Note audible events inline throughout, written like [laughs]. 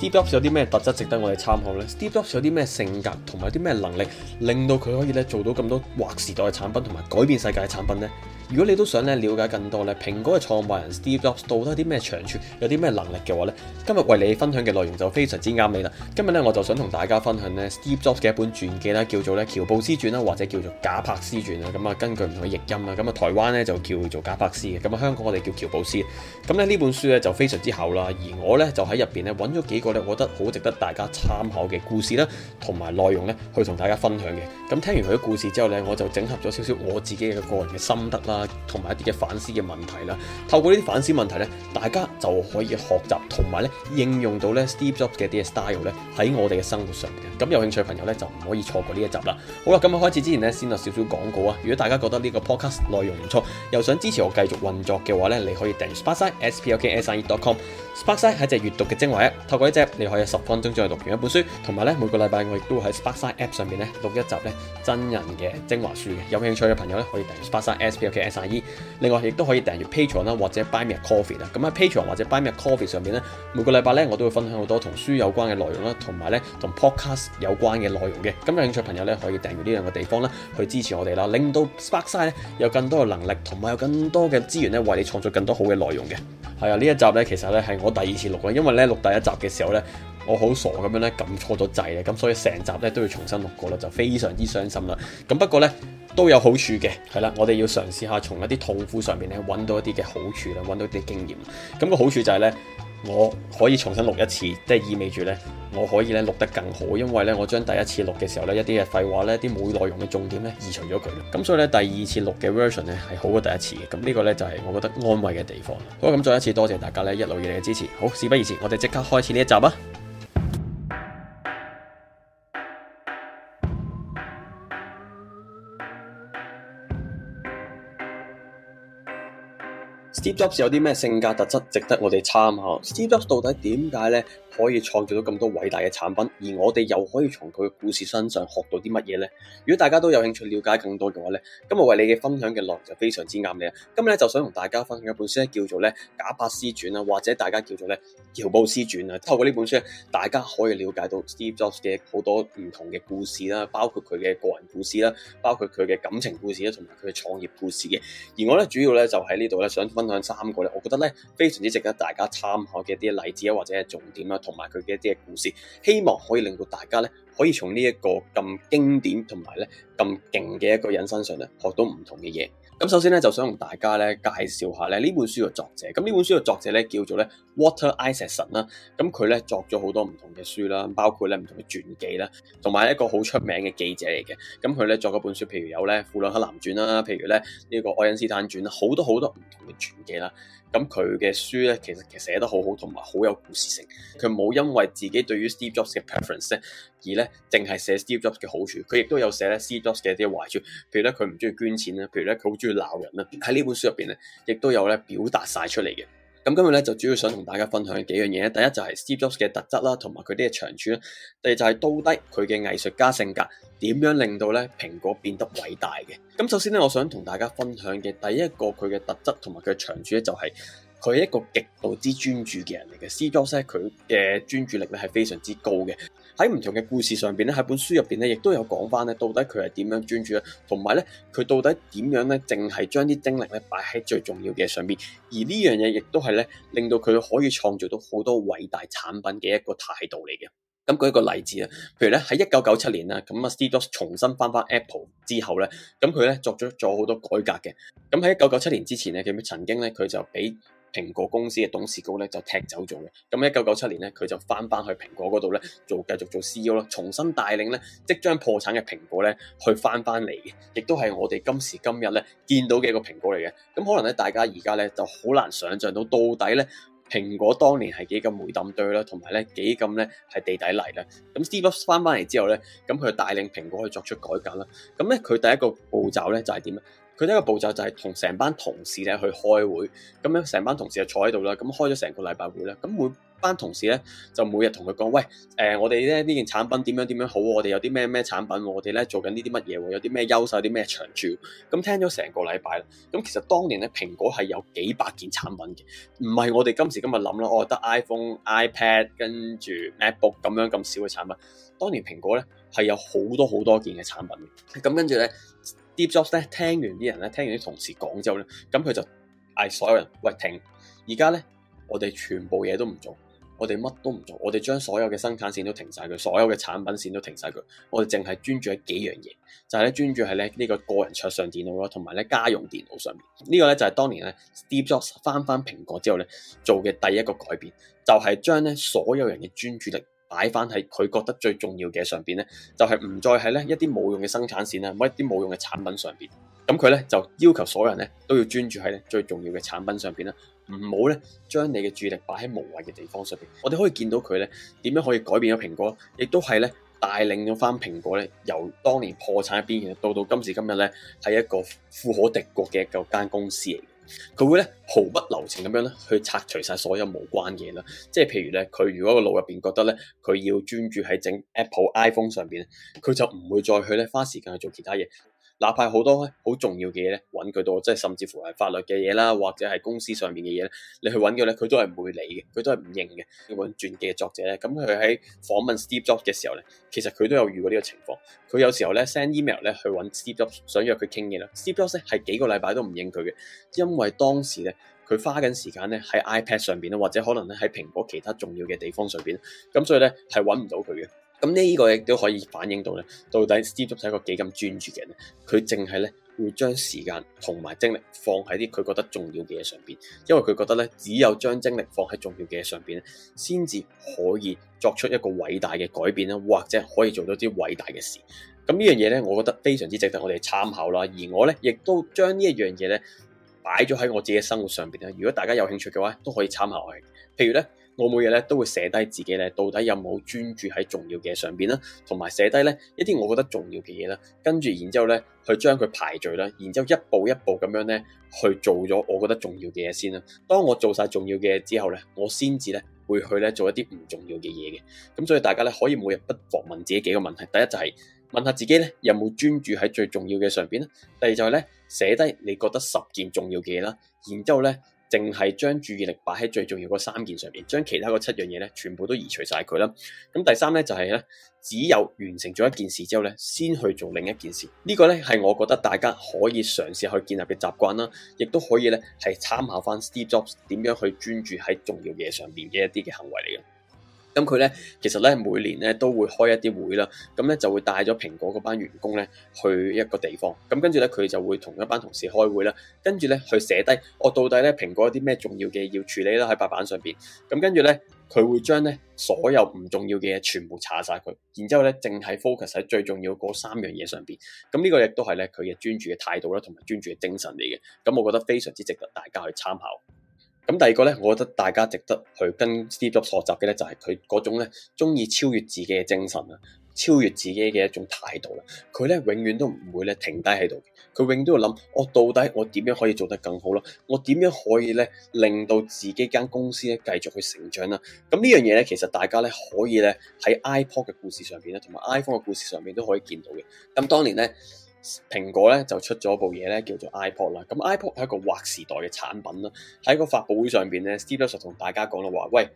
Steve Jobs 有啲咩特質值得我哋參考呢？Steve Jobs 有啲咩性格同埋有啲咩能力，令到佢可以咧做到咁多劃時代嘅產品同埋改變世界嘅產品呢？如果你都想咧了解更多咧，蘋果嘅創辦人 Steve Jobs 到底啲咩長處，有啲咩能力嘅話咧，今日為你分享嘅內容就非常之啱你啦。今日咧我就想同大家分享咧 Steve Jobs 嘅一本傳記啦，叫做咧喬布斯傳啦，或者叫做賈柏斯傳啦。咁啊，根據唔同嘅譯音啦，咁啊台灣咧就叫做賈柏斯嘅，咁啊香港我哋叫喬布斯。咁咧呢本書咧就非常之厚啦，而我咧就喺入邊咧揾咗幾個咧，我覺得好值得大家參考嘅故事啦，同埋內容咧去同大家分享嘅。咁聽完佢啲故事之後咧，我就整合咗少少我自己嘅個人嘅心得啦。同埋一啲嘅反思嘅問題啦，透過呢啲反思問題咧，大家就可以學習同埋咧應用到咧 Steve Jobs 嘅 style 咧喺我哋嘅生活上面嘅。咁有興趣嘅朋友咧就唔可以錯過呢一集啦。好啦，咁我開始之前咧先落少少廣告啊。如果大家覺得呢個 podcast 內容唔錯，又想支持我繼續運作嘅話咧，你可以訂閱 Sparkside spkasia.com。Sparkside 係一隻閱讀嘅精華咧，透過一隻你可以十分鐘左右讀完一本書，同埋咧每個禮拜我亦都會喺 Sparkside app 上面咧錄一集咧真人嘅精華書嘅。有興趣嘅朋友咧可以訂閱 Sparkside spkasia.com 晒衣，另外亦都可以訂閱 Patreon 啦，或者 Buy Me Coffee 啦。咁喺 Patreon 或者 Buy Me Coffee 上面咧，每個禮拜咧，我都會分享好多同書有關嘅內容啦，同埋咧同 podcast 有關嘅內容嘅。咁有興趣朋友咧，可以訂閱呢兩個地方咧，去支持我哋啦，令到 Sparkside 咧有更多嘅能力，同埋有更多嘅資源咧，為你創造更多好嘅內容嘅。係啊，呢一集咧，其實咧係我第二次錄啦，因為咧錄第一集嘅時候咧，我好傻咁樣咧撳錯咗掣嘅，咁所以成集咧都要重新錄過啦，就非常之傷心啦。咁不過咧。都有好處嘅，係啦，我哋要嘗試下從一啲痛苦上面咧揾到一啲嘅好處啦，揾到啲經驗。咁、那個好處就係呢，我可以重新錄一次，即係意味住呢，我可以咧錄得更好，因為呢，我將第一次錄嘅時候呢，一啲嘅廢話咧、啲冇內容嘅重點呢，移除咗佢啦。咁所以呢，第二次錄嘅 version 呢，係好過第一次嘅。咁呢個呢，就係、是、我覺得安慰嘅地方啦。好啦，咁再一次多謝大家呢一路以嚟嘅支持。好事不宜遲，我哋即刻開始呢一集啊！Steve Jobs 有啲咩性格特質值得我哋參考？Steve Jobs 到底點解咧可以創造到咁多偉大嘅產品，而我哋又可以從佢嘅故事身上學到啲乜嘢咧？如果大家都有興趣了解更多嘅話咧，今日為你嘅分享嘅內容就非常之啱你啊！今日咧就想同大家分享一本書咧，叫做咧《賈伯斯傳》啦，或者大家叫做咧《喬布斯傳》啊。透過呢本書咧，大家可以了解到 Steve Jobs 嘅好多唔同嘅故事啦，包括佢嘅個人故事啦，包括佢嘅感情故事啦，同埋佢嘅創業故事嘅。而我咧主要咧就喺呢度咧想。分享三個咧，我覺得咧非常之值得大家參考嘅一啲例子啊，或者係重點啊，同埋佢嘅一啲嘅故事，希望可以令到大家咧，可以從呢一個咁經典同埋咧咁勁嘅一個人身上咧，學到唔同嘅嘢。咁首先咧，就想同大家咧介紹下咧呢本書嘅作者。咁呢本書嘅作者咧叫做咧。Walter Isaacson 啦，咁佢咧作咗好多唔同嘅書啦，包括咧唔同嘅傳記啦，同埋一個好出名嘅記者嚟嘅。咁佢咧作嗰本書，譬如有咧《富蘭克林傳》啦，譬如咧呢個愛因斯坦傳啦，好多好多唔同嘅傳記啦。咁佢嘅書咧，其實其實寫得好好，同埋好有故事性。佢冇因為自己對於 Steve Jobs 嘅 preference 而咧，淨係寫 Steve Jobs 嘅好處。佢亦都有寫咧 Steve Jobs 嘅一啲壞處，譬如咧佢唔中意捐錢啦，譬如咧佢好中意鬧人啦。喺呢本書入邊咧，亦都有咧表達晒出嚟嘅。咁今日咧就主要想同大家分享幾樣嘢咧，第一就係 Steve Jobs 嘅特質啦，同埋佢啲嘅長處啦，第二就係到底佢嘅藝術家性格點樣令到咧蘋果變得偉大嘅。咁首先咧，我想同大家分享嘅第一個佢嘅特質同埋佢嘅長處咧，就係、是、佢一個極度之專注嘅人嚟嘅。 [laughs] Steve Jobs 佢嘅專注力咧係非常之高嘅。喺唔同嘅故事上邊咧，喺本書入邊咧，亦都有講翻咧，到底佢係點樣專注咧，同埋咧，佢到底點樣咧，淨係將啲精力咧擺喺最重要嘅上邊，而呢樣嘢亦都係咧，令到佢可以創造到好多偉大產品嘅一個態度嚟嘅。咁、嗯、舉一個例子啊，譬如咧喺一九九七年啦，咁啊 Steve Jobs 重新翻翻 Apple 之後咧，咁佢咧作咗咗好多改革嘅。咁喺一九九七年之前咧，佢曾經咧佢就俾蘋果公司嘅董事高咧就踢走咗嘅，咁一九九七年咧佢就翻翻去蘋果嗰度咧做，繼續做 CEO 啦，重新帶領咧即將破產嘅蘋果咧去翻翻嚟嘅，亦都係我哋今時今日咧見到嘅一個蘋果嚟嘅。咁可能咧大家而家咧就好難想像到到底咧蘋果當年係幾咁霉氹堆啦，同埋咧幾咁咧係地底泥咧。咁 Steve 翻翻嚟之後咧，咁佢帶領蘋果去作出改革啦。咁咧佢第一個步驟咧就係點咧？佢呢個步驟就係同成班同事咧去開會，咁樣成班同事就坐喺度啦，咁開咗成個禮拜會啦，咁每班同事咧就每日同佢講，喂，誒、呃，我哋咧呢件產品點樣點樣好，我哋有啲咩咩產品，我哋咧做緊呢啲乜嘢，有啲咩優勢，有啲咩長處，咁聽咗成個禮拜啦。咁其實當年咧，蘋果係有幾百件產品嘅，唔係我哋今時今日諗啦，我覺得 iPhone、iPad 跟住 MacBook 咁樣咁少嘅產品。當年蘋果咧係有好多好多件嘅產品嘅，咁跟住咧。Steve Jobs 咧，聽完啲人咧，聽完啲同事講之後咧，咁、嗯、佢就嗌所有人：喂，停！而家咧，我哋全部嘢都唔做，我哋乜都唔做，我哋將所有嘅生產線都停晒佢，所有嘅產品線都停晒佢，我哋淨係專注喺幾樣嘢，就係、是、咧專注喺咧呢個個人桌上電腦咯，同埋咧家用電腦上面。這個、呢個咧就係、是、當年咧 Steve Jobs 翻翻蘋果之後咧做嘅第一個改變，就係、是、將咧所有人嘅專注力。擺翻喺佢覺得最重要嘅上邊咧，就係、是、唔再係咧一啲冇用嘅生產線啊，乜一啲冇用嘅產品上邊。咁佢咧就要求所有人咧都要專注喺咧最重要嘅產品上邊啦，唔好咧將你嘅注意力擺喺無謂嘅地方上邊。我哋可以見到佢咧點樣可以改變咗蘋果呢，亦都係咧帶領咗翻蘋果咧由當年破產一邊，到到今時今日咧係一個富可敵國嘅一間公司嚟。佢會咧毫不留情咁樣咧去拆除晒所有無關嘢啦，即係譬如咧，佢如果個腦入邊覺得咧，佢要專注喺整 Apple iPhone 上邊，佢就唔會再去咧花時間去做其他嘢。哪怕好多好重要嘅嘢咧，揾佢到，即係甚至乎係法律嘅嘢啦，或者係公司上面嘅嘢咧，你去揾佢咧，佢都係唔會理嘅，佢都係唔認嘅。呢本傳記嘅作者咧，咁佢喺訪問 Steve Jobs 嘅時候咧，其實佢都有遇過呢個情況。佢有時候咧 send email 咧去揾 Steve Jobs，想約佢傾嘢啦。 [laughs] Steve Jobs 咧係幾個禮拜都唔應佢嘅，因為當時咧佢花緊時間咧喺 iPad 上邊啦，或者可能咧喺蘋果其他重要嘅地方上邊，咁所以咧係揾唔到佢嘅。咁呢個亦都可以反映到咧，到底 Steve Jobs 係一個幾咁專注嘅人咧？佢淨係咧會將時間同埋精力放喺啲佢覺得重要嘅嘢上邊，因為佢覺得咧只有將精力放喺重要嘅嘢上邊咧，先至可以作出一個偉大嘅改變啦，或者可以做到啲偉大嘅事。咁呢樣嘢咧，我覺得非常之值得我哋參考啦。而我咧亦都將呢一樣嘢咧擺咗喺我自己嘅生活上邊啦。如果大家有興趣嘅話，都可以參考下。譬如咧。我每日咧都會寫低自己咧到底有冇專注喺重要嘅上邊啦，同埋寫低咧一啲我覺得重要嘅嘢啦，跟住然之後咧去將佢排序啦，然之後一步一步咁樣咧去做咗我覺得重要嘅嘢先啦。當我做晒重要嘅嘢之後咧，我先至咧會去咧做一啲唔重要嘅嘢嘅。咁所以大家咧可以每日不妨問自己幾個問題，第一就係問下自己咧有冇專注喺最重要嘅上邊咧，第二就係咧寫低你覺得十件重要嘅嘢啦，然之後咧。淨係將注意力擺喺最重要嗰三件上面，將其他嗰七樣嘢咧，全部都移除晒佢啦。咁第三咧就係咧，只有完成咗一件事之後咧，先去做另一件事。呢、這個咧係我覺得大家可以嘗試去建立嘅習慣啦，亦都可以咧係參考翻 Steve Jobs 點樣去專注喺重要嘢上面嘅一啲嘅行為嚟嘅。咁佢咧，其實咧每年咧都會開一啲會啦，咁咧就會帶咗蘋果嗰班員工咧去一個地方，咁跟住咧佢就會同一班同事開會啦，跟住咧去寫低我到底咧蘋果有啲咩重要嘅要處理啦喺白板上邊，咁跟住咧佢會將咧所有唔重要嘅嘢全部查晒佢，然之後咧淨係 focus 喺最重要嗰三樣嘢上邊，咁呢個亦都係咧佢嘅專注嘅態度啦，同埋專注嘅精神嚟嘅，咁我覺得非常之值得大家去參考。咁第二個咧，我覺得大家值得去跟 Steve Jobs 學習嘅咧，就係佢嗰種咧中意超越自己嘅精神啦，超越自己嘅一種態度啦。佢咧永遠都唔會咧停低喺度，佢永遠都，都要諗，我到底我點樣可以做得更好啦？我點樣可以咧令到自己間公司咧繼續去成長啦？咁呢樣嘢咧，其實大家咧可以咧喺 iPod 嘅故事上邊咧，同埋 iPhone 嘅故事上邊都可以見到嘅。咁當年咧。蘋果咧就出咗部嘢咧，叫做 iPod 啦。咁、嗯、iPod 係一個劃時代嘅產品啦。喺個發佈會上邊咧，Steve Jobs 同大家講啦，話喂，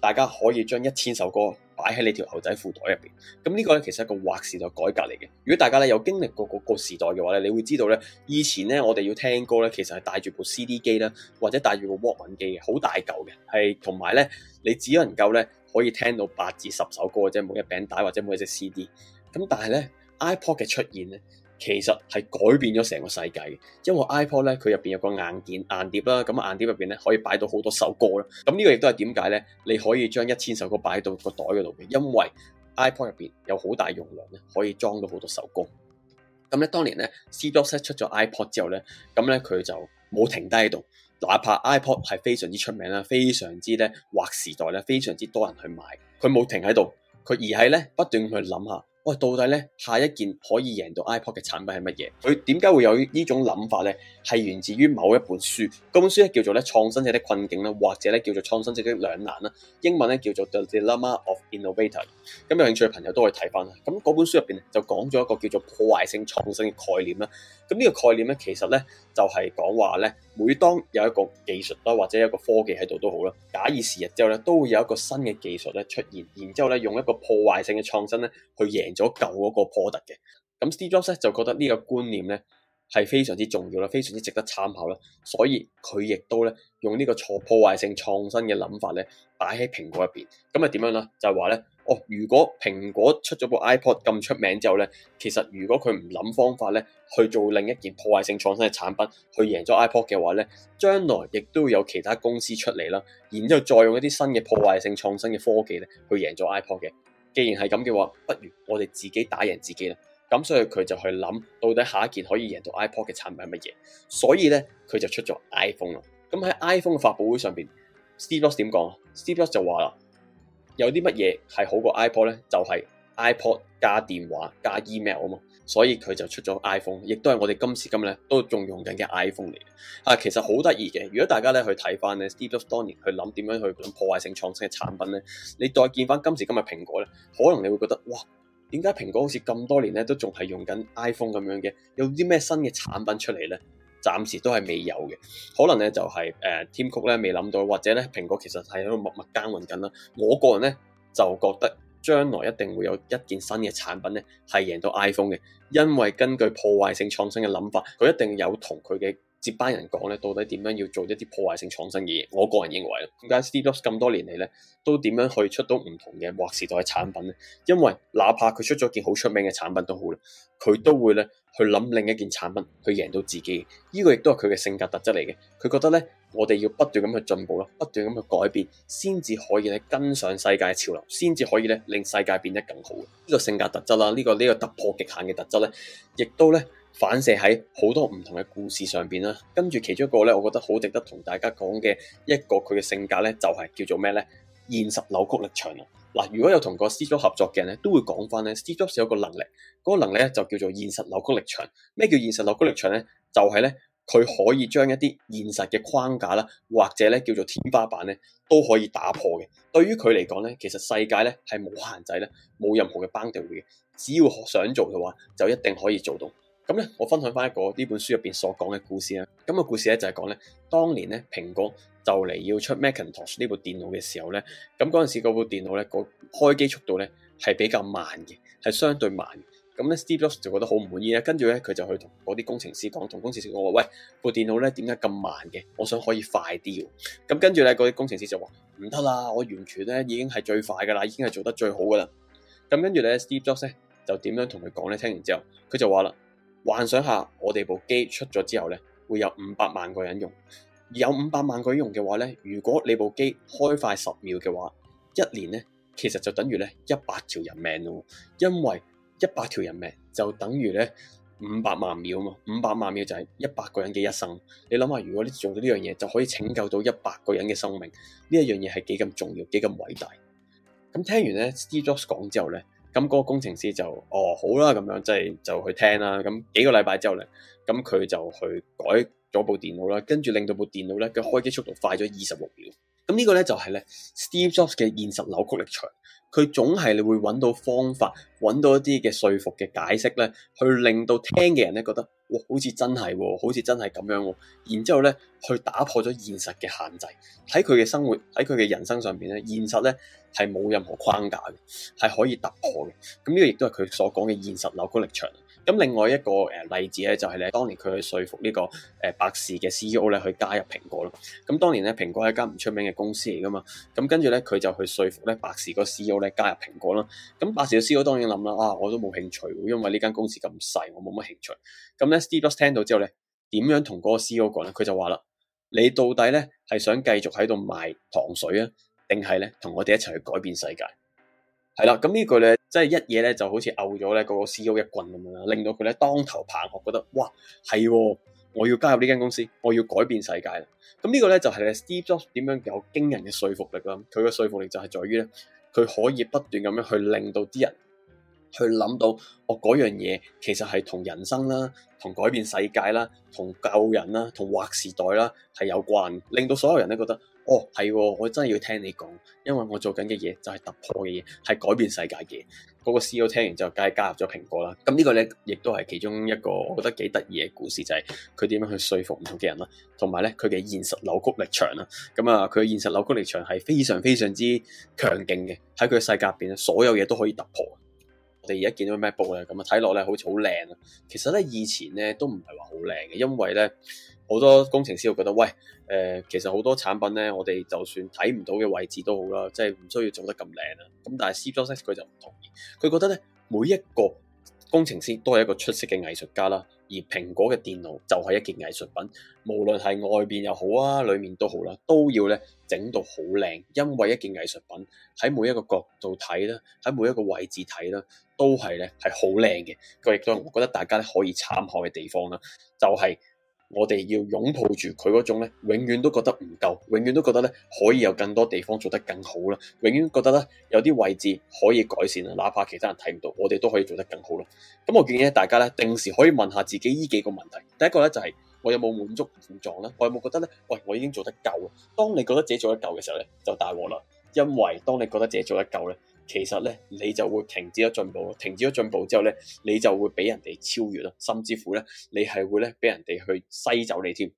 大家可以將一千首歌擺喺你條牛仔褲袋入邊。咁、嗯這個、呢個咧其實係一個劃時代改革嚟嘅。如果大家咧有經歷過嗰個時代嘅話咧，你會知道咧，以前咧我哋要聽歌咧，其實係帶住部 CD 機啦，或者帶住個 Walkman 機嘅，好大嚿嘅，係同埋咧，你只能夠咧可以聽到八至十首歌嘅啫，每一隻餅帶或者每一隻 CD。咁但係咧 iPod 嘅出現咧，其實係改變咗成個世界嘅，因為 iPod 咧佢入邊有個硬件、硬碟啦，咁、嗯、硬碟入邊咧可以擺到好多首歌啦。咁、嗯這個、呢個亦都係點解咧？你可以將一千首歌擺到個袋嗰度嘅，因為 iPod 入邊有好大容量咧，可以裝到好多首歌。咁、嗯、咧當年咧 Steve Jobs 出咗 iPod 之後咧，咁咧佢就冇停低喺度，哪怕 iPod 係非常之出名啦，非常之咧劃時代咧，非常之多人去買，佢冇停喺度，佢而係咧不斷去諗下，哇！到底咧下一件可以贏到 iPod 嘅產品係乜嘢？佢點解會有呢種諗法咧？係源自於某一本書，嗰本書咧叫做咧創新者的困境啦，或者咧叫做創新者的兩難啦，英文咧叫做 The Dilemma of Innovator。咁有興趣嘅朋友都可以睇翻啦。咁嗰本書入邊就講咗一個叫做破壞性創新嘅概念啦。咁呢個概念咧，其實咧就係講話咧，每當有一個技術啦，或者一個科技喺度都好啦，假以時日之後咧，都會有一個新嘅技術咧出現，然之後咧用一個破壞性嘅創新咧去贏咗舊嗰個 product 嘅。咁 Steve Jobs 咧就覺得呢個觀念咧，係非常之重要啦，非常之值得參考啦。所以佢亦都咧用呢個破破壞性創新嘅諗法咧，擺喺蘋果入邊。咁啊點樣啦？就係話咧，哦，如果蘋果出咗部 iPod 咁出名之後咧，其實如果佢唔諗方法咧，去做另一件破壞性創新嘅產品，去贏咗 iPod 嘅話咧，將來亦都會有其他公司出嚟啦，然之後再用一啲新嘅破壞性創新嘅科技咧，去贏咗 iPod 嘅。既然係咁嘅話，不如我哋自己打贏自己啦。咁所以佢就去諗到底下一件可以贏到 iPod 嘅產品係乜嘢？所以咧佢就出咗 iPhone 咯。咁喺 iPhone 嘅發佈會上邊，Steve Jobs 點講？Steve Jobs 就話啦，有啲乜嘢係好過 iPod 咧，就係 iPod 加電話加 email 啊嘛。所以佢就出咗 iPhone，亦都係我哋今時今日呢都仲用緊嘅 iPhone 嚟嘅。啊，其實好得意嘅，如果大家咧去睇翻咧 Steve Jobs 當年去諗點樣去破壞性創新嘅產品咧，你再見翻今時今日蘋果咧，可能你會覺得哇！點解蘋果好似咁多年都仲係用緊 iPhone 咁樣嘅？有啲咩新嘅產品出嚟呢？暫時都係未有嘅。可能、就係呃、呢就係誒，Tim Cook 咧未諗到，或者呢蘋果其實係喺度默默耕耘緊。我個人呢，就覺得將來一定會有一件新嘅產品咧係贏到 iPhone 嘅，因為根據破壞性創新嘅諗法，佢一定有同佢嘅。接班人講咧，到底點樣要做一啲破壞性創新嘅嘢？我個人認為，點解 Steve Jobs 咁多年嚟咧，都點樣去出到唔同嘅劃時代嘅產品咧？因為哪怕佢出咗件好出名嘅產品都好啦，佢都會咧去諗另一件產品去贏到自己。呢個亦都係佢嘅性格特質嚟嘅。佢覺得咧，我哋要不斷咁去進步咯，不斷咁去改變，先至可以咧跟上世界嘅潮流，先至可以咧令世界變得更好。呢個性格特質啦，呢個呢個突破極限嘅特質咧，亦都咧。反射喺好多唔同嘅故事上邊啦、啊，跟住其中一個咧，我覺得好值得同大家講嘅一個佢嘅性格咧，就係、是、叫做咩咧？現實扭曲力場啊！嗱，如果有同個 c j 合作嘅人咧，都會講翻咧 c j 有一個能力，嗰、那個能力咧就叫做現實扭曲力場。咩叫現實扭曲力場咧？就係咧佢可以將一啲現實嘅框架啦，或者咧叫做天花板咧，都可以打破嘅。對於佢嚟講咧，其實世界咧係冇限制咧，冇任何嘅 boundary 嘅，只要想做嘅話，就一定可以做到。咁咧，我分享翻一個呢本書入邊所講嘅故事啦。咁個故事咧就係講咧，當年咧蘋果就嚟要出 Macintosh 呢部電腦嘅時候咧，咁嗰陣時嗰部電腦咧個開機速度咧係比較慢嘅，係相對慢嘅。咁咧，Steve Jobs 就覺得好唔滿意咧，跟住咧佢就去同嗰啲工程師講，同工程師講，喂，部電腦咧點解咁慢嘅？我想可以快啲。咁跟住咧，嗰啲工程師就話唔得啦，我完全咧已經係最快噶啦，已經係做得最好噶啦。咁跟住咧，Steve Jobs 咧就點樣同佢講咧？聽完之後，佢就話啦。幻想下，我哋部機出咗之後呢，會有五百萬個人用。有五百萬個人用嘅話呢，如果你部機開快十秒嘅話，一年呢其實就等於呢一百條人命咯。因為一百條人命就等於呢五百萬秒嘛，五百萬秒就係一百個人嘅一生。你諗下，如果你做到呢樣嘢，就可以拯救到一百個人嘅生命，呢一樣嘢係幾咁重要，幾咁偉大。咁聽完呢 Steve Jobs 講之後呢。咁嗰個工程師就，哦，好啦咁樣，即係就去聽啦。咁幾個禮拜之後咧，咁佢就去改咗部電腦啦，跟住令到部電腦咧嘅開機速度快咗二十六秒。咁呢個咧就係咧 Steve Jobs 嘅現實扭曲力場。佢總係會揾到方法，揾到一啲嘅說服嘅解釋呢去令到聽嘅人咧覺得，哇，好似真係喎、哦，好似真係咁樣喎、哦。然之後咧，去打破咗現實嘅限制，喺佢嘅生活，喺佢嘅人生上邊咧，現實咧係冇任何框架嘅，係可以突破嘅。咁、嗯、呢、呢個亦都係佢所講嘅現實扭曲力場。咁另外一個誒例子咧，就係咧，當年佢去，去，去說服呢個誒百事嘅 CEO 咧去加入蘋果咯。咁當年咧，蘋果係一間唔出名嘅公司嚟噶嘛。咁跟住咧，佢就去說服咧百事個 CEO 咧加入蘋果啦。咁百事嘅 CEO 當然諗啦，啊我都冇興趣，因為呢間公司咁細，我冇乜興趣。咁咧，Steve Jobs 聽到之後咧，點樣同嗰個 CEO 講咧？佢就話啦：你到底咧係想繼續喺度賣糖水啊，定係咧同我哋一齊去改變世界？係啦，咁呢個咧，即係一嘢咧，就好似毆咗咧個 CEO 一棍咁樣啦，令到佢咧當頭棒喝，覺得哇，係，我要加入呢間公司，我要改變世界啦。咁呢個咧就係咧 Steve Jobs 點樣有驚人嘅說服力啦。佢嘅說服力就係在於咧，佢可以不斷咁樣去令到啲人去諗到，我嗰樣嘢其實係同人生啦、同改變世界啦、同救人啦、同劃時代啦係有關，令到所有人都覺得。哦，係、哦，我真係要聽你講，因為我做緊嘅嘢就係突破嘅嘢，係改變世界嘅。嗰、那個 CEO 聽完之後梗係加入咗蘋果啦。咁呢個咧亦都係其中一個我覺得幾得意嘅故事，就係佢點樣去說服唔同嘅人啦，同埋咧佢嘅現實扭曲力場啦。咁啊，佢嘅現實扭曲力場係非常非常之強勁嘅，喺佢嘅世界入邊咧，所有嘢都可以突破。我哋而家見到 MacBook 咧，咁啊睇落咧好似好靚啊！其實咧以前咧都唔係話好靚嘅，因為咧好多工程師會覺得，喂，誒、呃、其實好多產品咧，我哋就算睇唔到嘅位置都好啦，即係唔需要做得咁靚啊！咁但係 Steve Jobs 佢就唔同意，佢覺得咧每一個，工程師都係一個出色嘅藝術家啦，而蘋果嘅電腦就係一件藝術品，無論係外面又好啊，裡面都好啦，都要咧整到好靚，因為一件藝術品喺每一個角度睇啦，喺每一個位置睇啦，都係咧係好靚嘅。佢亦都，我覺得大家可以參考嘅地方啦，就係、是。我哋要擁抱住佢嗰種咧，永遠都覺得唔夠，永遠都覺得咧可以有更多地方做得更好啦，永遠覺得咧有啲位置可以改善啦，哪怕其他人睇唔到，我哋都可以做得更好啦。咁我建議咧，大家咧定時可以問下自己呢幾個問題。第一個咧就係我有冇滿足現狀咧？我有冇覺得咧？喂，我已經做得夠啦。當你覺得自己做得夠嘅時候咧，就大鑊啦。因為當你覺得自己做得夠咧，其實咧，你就會停止咗進步咯。停止咗進步之後咧，你就會俾人哋超越咯，甚至乎咧，你係會咧俾人哋去篩走你添。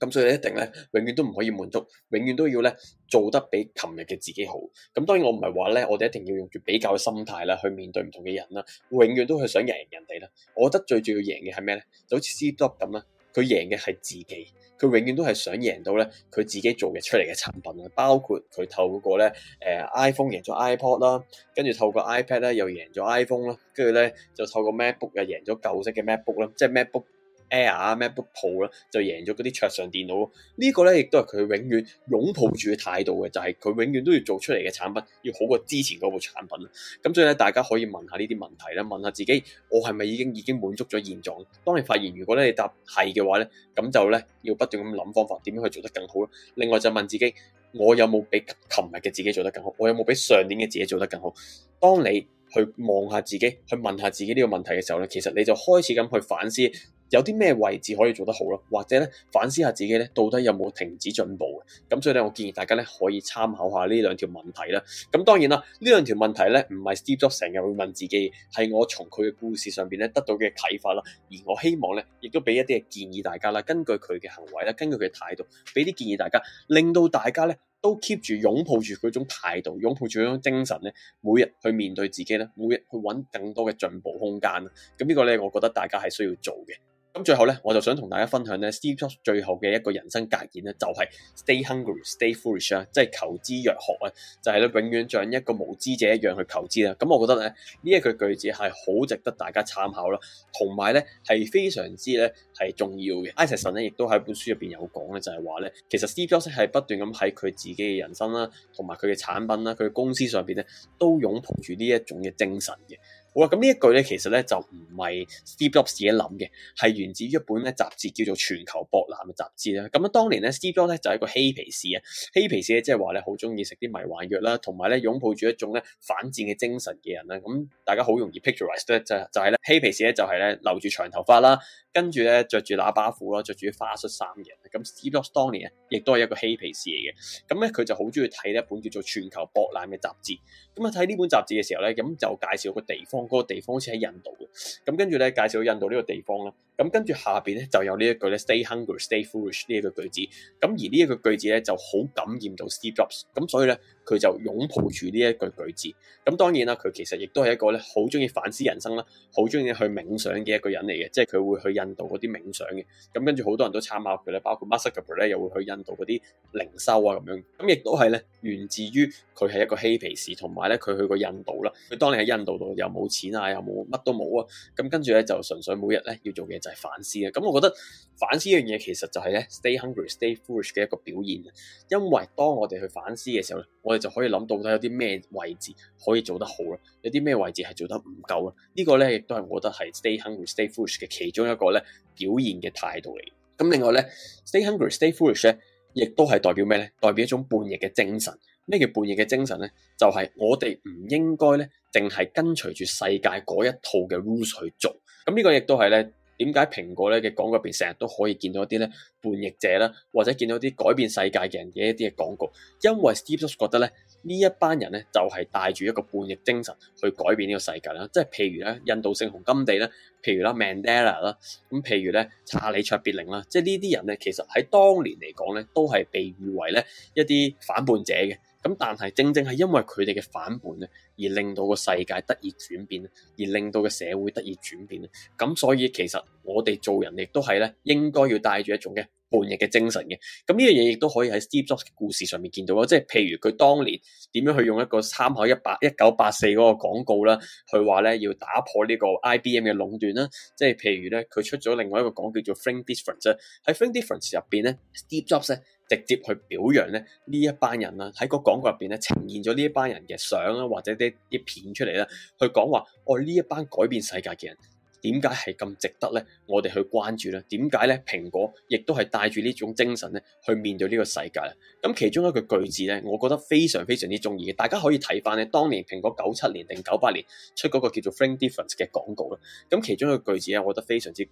咁所以你一定咧，永遠都唔可以滿足，永遠都要咧做得比琴日嘅自己好。咁當然我唔係話咧，我哋一定要用住比較嘅心態啦，去面對唔同嘅人啦。永遠都係想贏人哋啦。我覺得最重要贏嘅係咩咧？就好似 Cebu 咁啦。佢贏嘅係自己，佢永遠都係想贏到咧，佢自己做嘅出嚟嘅產品啊，包括佢透過咧，誒、呃、iPhone 贏咗 iPod 啦，跟住透過 iPad 咧又贏咗 iPhone 啦，跟住咧就透過 MacBook 又贏咗舊式嘅 MacBook 啦，即係 MacBook。Air 啊，MacBook Pro 啦，就贏咗嗰啲桌上電腦咯。這個、呢個咧，亦都係佢永遠擁抱住嘅態度嘅，就係、是、佢永遠都要做出嚟嘅產品要好過之前嗰部產品。咁所以咧，大家可以問下呢啲問題啦，問下自己，我係咪已經已經滿足咗現狀？當你發現如果咧你答係嘅話咧，咁就咧要不斷咁諗方法，點樣去做得更好咯。另外就問自己，我有冇比琴日嘅自己做得更好？我有冇比上年嘅自己做得更好？當你。去望下自己，去問下自己呢個問題嘅時候呢，其實你就開始咁去反思，有啲咩位置可以做得好咯，或者呢反思下自己呢到底有冇停止進步嘅？咁所以呢，我建議大家呢可以參考下呢兩條問題啦。咁當然啦，呢兩條問題呢唔係 Steve Jobs 成日會問自己，係我從佢嘅故事上邊呢得到嘅啟發啦。而我希望呢亦都俾一啲嘅建議大家啦，根據佢嘅行為啦，根據佢嘅態度，俾啲建議大家，令到大家呢。都 keep 住擁抱住嗰種態度，擁抱住嗰種精神呢，每日去面對自己呢，每日去揾更多嘅進步空間啦。咁呢個呢，我覺得大家係需要做嘅。咁最後咧，我就想同大家分享咧，Steve Jobs 最後嘅一個人生格言咧，就係、是、St Hung Stay hungry, Stay foolish 啊，即係求知若渴啊，就係、是、咧永遠像一個無知者一樣去求知啦。咁、啊、我覺得咧，呢一句句子係好值得大家參考咯，同埋咧係非常之咧係重要嘅。Isaacson 咧亦都喺本書入邊有講咧，就係話咧，其實 Steve Jobs 係不斷咁喺佢自己嘅人生啦，同埋佢嘅產品啦，佢、啊、嘅公司上邊咧，都擁抱住呢一種嘅精神嘅。哇！咁呢、啊、一句咧，其實咧就唔係 Steve Jobs 自己諗嘅，係源自於一本咧雜誌叫做《全球博覽》嘅雜誌啦。咁啊，當年咧，Steve Jobs 咧就係、是、一個嬉皮士啊，嬉皮士咧即係話咧好中意食啲迷幻藥啦，同埋咧擁抱住一種咧反戰嘅精神嘅人啦。咁大家好容易 pictureize 咧，就就係咧嬉皮士咧就係、是、咧留住長頭髮啦。跟住咧，着住喇叭褲咯，着住花恤衫嘅。咁史洛 s 當年啊，亦都係一個嬉皮士嚟嘅。咁咧，佢就好中意睇一本叫做《全球博覽》嘅雜誌。咁啊，睇呢本雜誌嘅時候咧，咁就介紹個地方，嗰、那個地方好似喺印度嘅。咁跟住咧，介紹印度呢個地方啦。咁跟住下邊咧就有呢一句咧 Stay hungry，Stay hungry，Stay foolish 呢一個句子。咁而呢一個句子咧就好感染到 Steve Jobs。咁所以咧，佢就擁抱住呢一句句子。咁當然啦，佢其實亦都係一個咧好中意反思人生啦，好中意去冥想嘅一個人嚟嘅。即係佢會去印度嗰啲冥想嘅。咁跟住好多人都參考佢咧，包括 Mark Zuckerberg 咧又會去印度嗰啲靈修啊咁樣。咁亦都係咧源自於佢係一個嬉皮士，同埋咧佢去過印度啦。佢當你喺印度度又冇錢啊，又冇乜都冇啊。咁跟住咧就純粹每日咧要做嘅反思啊，咁、嗯、我覺得反思呢樣嘢其實就係咧，stay hungry，stay foolish 嘅一個表現、啊。因為當我哋去反思嘅時候，我哋就可以諗到有啲咩位置可以做得好啦、啊，有啲咩位置係做得唔夠啦、啊。這個、呢個咧亦都係我覺得係 stay hungry，stay foolish 嘅其中一個咧表現嘅態度嚟。咁、嗯、另外咧，stay hungry，stay foolish 咧，亦都係代表咩咧？代表一種叛逆嘅精神。咩叫叛逆嘅精神咧？就係、是、我哋唔應該咧，淨係跟隨住世界嗰一套嘅 rules 去做。咁、嗯、呢、這個亦都係咧。點解蘋果咧嘅廣告入邊成日都可以見到一啲咧叛逆者啦，或者見到啲改變世界嘅人嘅一啲嘅廣告？因為 Steve Jobs 覺得咧，一呢一班人咧就係帶住一個叛逆精神去改變呢個世界啦。即係譬如咧，印度聖雄甘地啦，譬如啦 Mandela 啦，咁譬如咧查理卓別林啦，即係呢啲人咧，其實喺當年嚟講咧，都係被譽為咧一啲反叛者嘅。咁但係正正係因為佢哋嘅反叛咧，而令到個世界得以轉變而令到個社會得以轉變。咁所以其實我哋做人亦都係咧，應該要帶住一種嘅叛逆嘅精神嘅。咁呢樣嘢亦都可以喺 Steve Jobs 嘅故事上面見到咯。即係譬如佢當年點樣去用一個參考一八一九八四嗰個廣告啦，去話咧要打破呢個 IBM 嘅壟斷啦。即係譬如咧，佢出咗另外一個廣告叫做 Frame Difference。喺 Frame Difference 入邊咧，Steve Jobs 咧。直接去表揚咧呢一班人啦、啊，喺個廣告入邊咧呈現咗呢一班人嘅相啦，或者啲啲片出嚟啦，去講話哦呢一班改變世界嘅人點解係咁值得咧？我哋去關注啦，點解咧？蘋果亦都係帶住呢種精神咧去面對呢個世界啦。咁其中一個句，句子咧，我覺得非常非常之中意嘅，大家可以睇翻咧，當年蘋果九七年定九八年出嗰個叫做「Think Different」嘅廣告啦。咁其中一個句子咧，我覺得非常之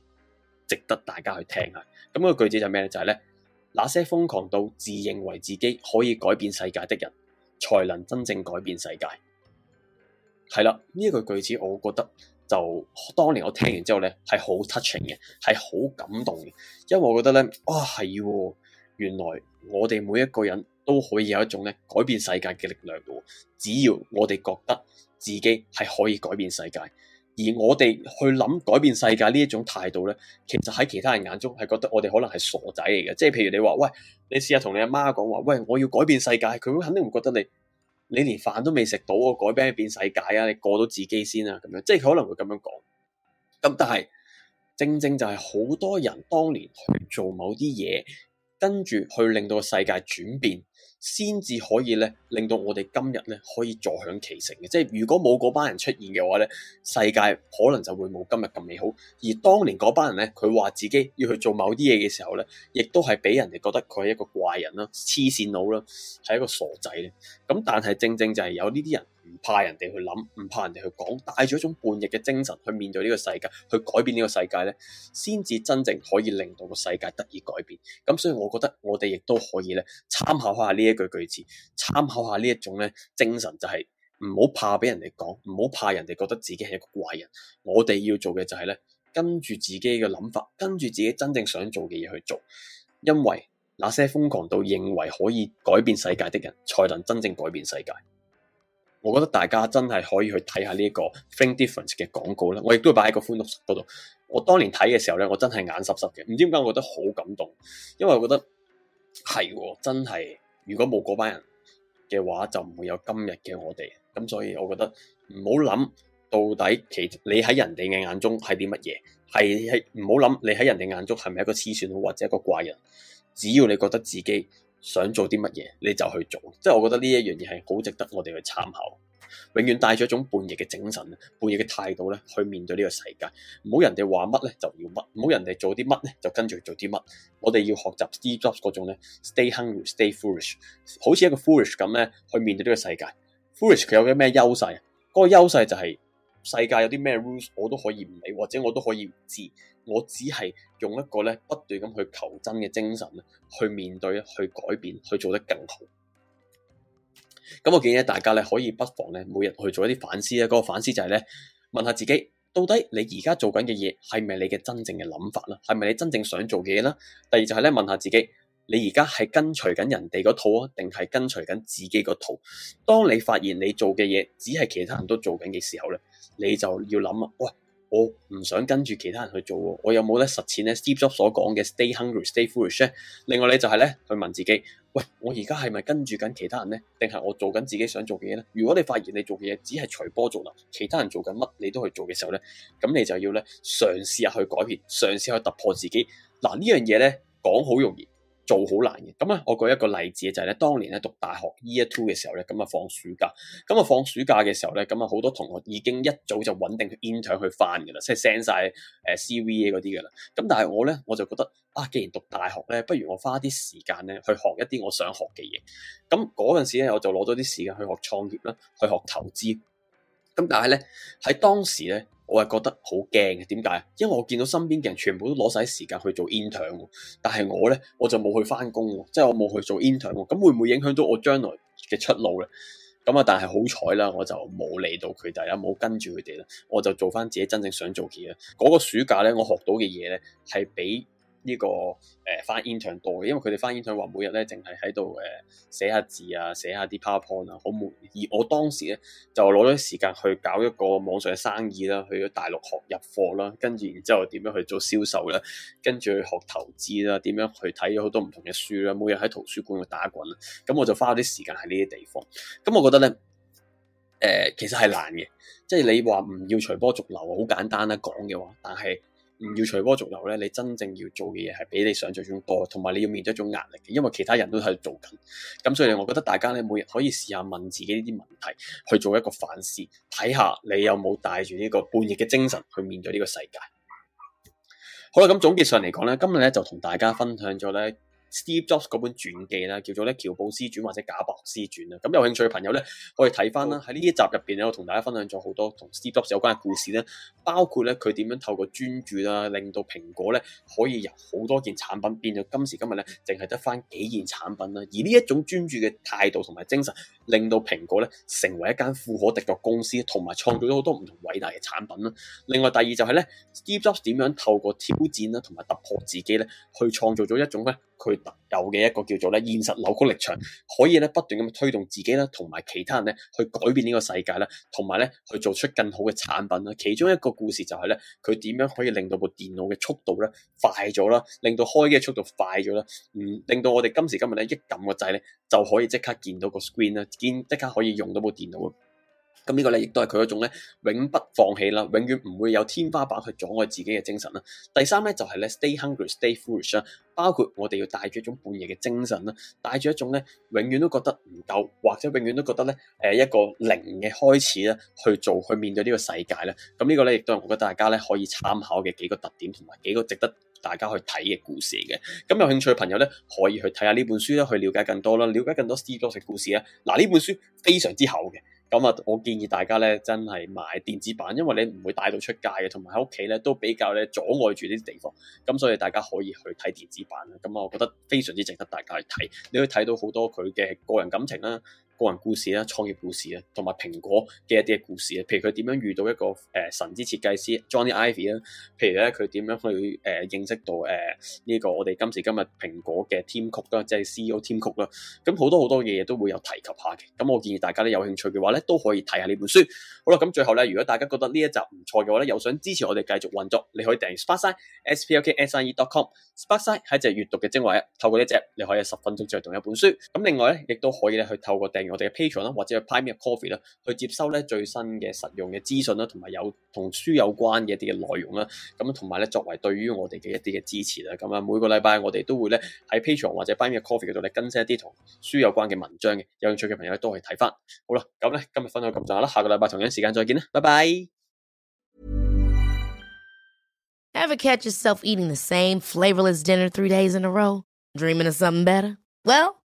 值得大家去聽下。咁、那個句子就咩咧？就係、是、咧。那些瘋狂到自認為自己可以改變世界的人，才能真正改變世界。係啦，呢句句子，我覺得就當年我聽完之後呢，係好 touching 嘅，係好感動嘅，因為我覺得呢，啊、哦，哇，係原來我哋每一個人都可以有一種呢改變世界嘅力量嘅，只要我哋覺得自己係可以改變世界。而我哋去諗改變世界呢一種態度咧，其實喺其他人眼中係覺得我哋可能係傻仔嚟嘅。即係譬如你話，喂，你試下同你阿媽講話，喂，我要改變世界，佢會肯定會覺得你，你連飯都未食到，我改咩變世界啊？你過到自己先啊，咁樣，即係佢可能會咁樣講。咁但係正正就係好多人當年去做某啲嘢，跟住去令到世界轉變。先至可以咧，令到我哋今日咧可以坐享其成嘅。即係如果冇嗰班人出現嘅話咧，世界可能就會冇今日咁美好。而當年嗰班人咧，佢話自己要去做某啲嘢嘅時候咧，亦都係俾人哋覺得佢係一個怪人啦、啊、黐線佬啦、係一個傻仔咧。咁但係正正就係有呢啲人，唔怕人哋去諗，唔怕人哋去講，帶住一種叛逆嘅精神去面對呢個世界，去改變呢個世界呢，先至真正可以令到個世界得以改變。咁所以我覺得我哋亦都可以呢參考下呢一句句子，參考下呢一種咧精神，就是，就係唔好怕俾人哋講，唔好怕人哋覺得自己係一個怪人。我哋要做嘅就係呢：跟住自己嘅諗法，跟住自己真正想做嘅嘢去做。因為那些瘋狂到認為可以改變世界的人，才能真正改變世界。我覺得大家真係可以去睇下呢一個《Think Difference》嘅廣告啦。我亦都擺喺個歡樂谷度。我當年睇嘅時候咧，我真係眼濕濕嘅。唔知點解我覺得好感動，因為我覺得係真係，如果冇嗰班人嘅話，就唔會有今日嘅我哋。咁所以，我覺得唔好諗到底其實你喺人哋嘅眼中係啲乜嘢，係係唔好諗你喺人哋眼中係咪一個痴線佬或者一個怪人。只要你覺得自己，想做啲乜嘢你就去做，即係我覺得呢一樣嘢係好值得我哋去參考。永遠帶住一種叛逆嘅精神，叛逆嘅態度咧，去面對呢個世界。唔好人哋話乜咧就要乜，唔好人哋做啲乜咧就跟住做啲乜。我哋要學習 Steve Jobs 嗰種咧，Stay hungry，Stay foolish。好似一個 foolish 咁咧，去面對呢個世界。foolish 佢有啲咩優勢？嗰個優勢就係。世界有啲咩 rules，我都可以唔理，或者我都可以唔知，我只係用一個咧不斷咁去求真嘅精神去面對、去改變、去做得更好。咁我建議大家咧可以不妨咧每日去做一啲反思啊。嗰個反思就係咧問下自己，到底你而家做緊嘅嘢係咪你嘅真正嘅諗法啦，係咪你真正想做嘅嘢啦？第二就係咧問下自己。你而家係跟隨緊人哋嗰套啊，定係跟隨緊自己個套？當你發現你做嘅嘢只係其他人都做緊嘅時候咧，你就要諗啊：「喂，我唔想跟住其他人去做喎。我有冇咧實踐咧 Steve Jobs 所講嘅 Stay Hungry, Stay Foolish 呢？」另外咧就係咧去問自己，喂，我而家係咪跟住緊其他人咧？定係我做緊自己想做嘅嘢咧？如果你發現你做嘅嘢只係隨波逐流，其他人做緊乜你都去做嘅時候咧，咁你就要咧嘗試下去改變，嘗試去突破自己。嗱，呢樣嘢咧，講好容易。做好難嘅，咁啊！我舉一個例子就係咧，當年咧讀大學 year two 嘅時候咧，咁啊放暑假，咁啊放暑假嘅時候咧，咁啊好多同學已經一早就穩定 intern 去翻嘅啦，即係 send 晒誒 CV a 嗰啲嘅啦。咁但係我咧我就覺得啊，既然讀大學咧，不如我花啲時間咧去學一啲我想學嘅嘢。咁嗰陣時咧，我就攞咗啲時間去學創業啦，去學投資。咁但係咧喺當時咧。我係覺得好驚嘅，點解？因為我見到身邊嘅人全部都攞晒時間去做 intern，但係我咧我就冇去翻工喎，即係我冇去做 intern 喎，咁會唔會影響到我將來嘅出路咧？咁啊，但係好彩啦，我就冇理到佢哋啦，冇跟住佢哋啦，我就做翻自己真正想做嘅嘢啦。嗰個暑假咧，我學到嘅嘢咧係比。呢、這個誒翻 intern 多嘅，因為佢哋翻 intern 話每日咧淨係喺度誒寫下字啊，寫下啲 powerpoint 啊，好悶。而我當時咧就攞咗啲時間去搞一個網上嘅生意啦，去咗大陸學入貨啦，跟住然之後點樣去做銷售啦，跟住去學投資啦，點樣去睇咗好多唔同嘅書啦，每日喺圖書館去打滾啦。咁、嗯、我就花咗啲時間喺呢啲地方。咁、嗯、我覺得咧，誒、呃、其實係難嘅，即係你話唔要隨波逐流好簡單啦講嘅話，但係。唔要隨波逐流咧，你真正要做嘅嘢係比你想象中多，同埋你要面對一種壓力嘅，因為其他人都喺度做緊。咁所以我覺得大家咧，每日可以試下問自己呢啲問題，去做一個反思，睇下你有冇帶住呢個叛逆嘅精神去面對呢個世界。好啦，咁總結上嚟講咧，今日咧就同大家分享咗咧。Steve Jobs 嗰本傳記啦，叫做咧《喬布斯傳》或者《假博斯傳》啦。咁有興趣嘅朋友咧，可以睇翻啦。喺呢一集入邊咧，我同大家分享咗好多同 Steve Jobs 有關嘅故事咧，包括咧佢點樣透過專注啦，令到蘋果咧可以由好多件產品變咗今時今日咧，淨係得翻幾件產品啦。而呢一種專注嘅態度同埋精神，令到蘋果咧成為一間富可敵國公司，同埋創造咗好多唔同偉大嘅產品啦。另外第二就係、是、咧，Steve Jobs 點樣透過挑戰啦同埋突破自己咧，去創造咗一種咧。佢特有嘅一個叫做咧現實扭曲力場，可以咧不斷咁推動自己啦，同埋其他人咧去改變呢個世界啦，同埋咧去做出更好嘅產品啦。其中一個故事就係咧，佢點樣可以令到部電腦嘅速度咧快咗啦，令到開機嘅速度快咗啦，嗯，令到我哋今時今日咧一撳個掣咧就可以即刻見到個 screen 啦，見即刻可以用到部電腦。咁呢個咧，亦都係佢一種咧，永不放棄啦，永遠唔會有天花板去阻礙自己嘅精神啦。第三咧，就係、是、咧，Stay Hungry, Stay Foolish 啦。包括我哋要帶住一種半夜嘅精神啦，帶住一種咧，永遠都覺得唔夠，或者永遠都覺得咧，誒一個零嘅開始咧，去做去面對呢個世界咧。咁呢個咧，亦都係我覺得大家咧可以參考嘅幾個特點同埋幾個值得大家去睇嘅故事嘅。咁有興趣嘅朋友咧，可以去睇下呢本書咧，去了解更多啦，了解更多斯多士故事啦。嗱、啊，呢本書非常之厚嘅。我建議大家真係買電子版，因為你唔會帶到出街嘅，同埋喺屋企都比較阻礙住呢啲地方。咁所以大家可以去睇電子版啦。咁我覺得非常之值得大家去睇，你可以睇到好多佢嘅個人感情啦。個人故事啦、創業故事啦，同埋蘋果嘅一啲嘅故事啊，譬如佢點樣遇到一個誒神之設計師 Jony Ive 啦，譬如咧佢點樣去誒認識到誒呢個我哋今時今日蘋果嘅 Tim Cook 啦，即係 CEO Tim Cook 啦，咁好多好多嘢都會有提及下嘅。咁我建議大家咧有興趣嘅話咧，都可以睇下呢本書。好啦，咁最後咧，如果大家覺得呢一集唔錯嘅話咧，又想支持我哋繼續運作，你可以訂 s p a r k s i p k k s i d e c o m Sparkside 係一隻閱讀嘅精華啊，透過呢隻你可以十分鐘再讀一本書。咁另外咧，亦都可以咧去透過訂。我哋嘅 Patreon 啦，或者係 Buy Me a Coffee 啦，去接收咧最新嘅實用嘅資訊啦，同埋有同書有關嘅一啲嘅內容啦。咁同埋咧，作為對於我哋嘅一啲嘅支持啦。咁啊，每個禮拜我哋都會咧喺 Patreon 或者 Buy Me a Coffee 嗰度咧更新一啲同書有關嘅文章嘅。有興趣嘅朋友咧，都可以睇翻。好啦，咁咧今日分享到咁上下啦，下個禮拜同樣時間再見啦，拜拜。 [music]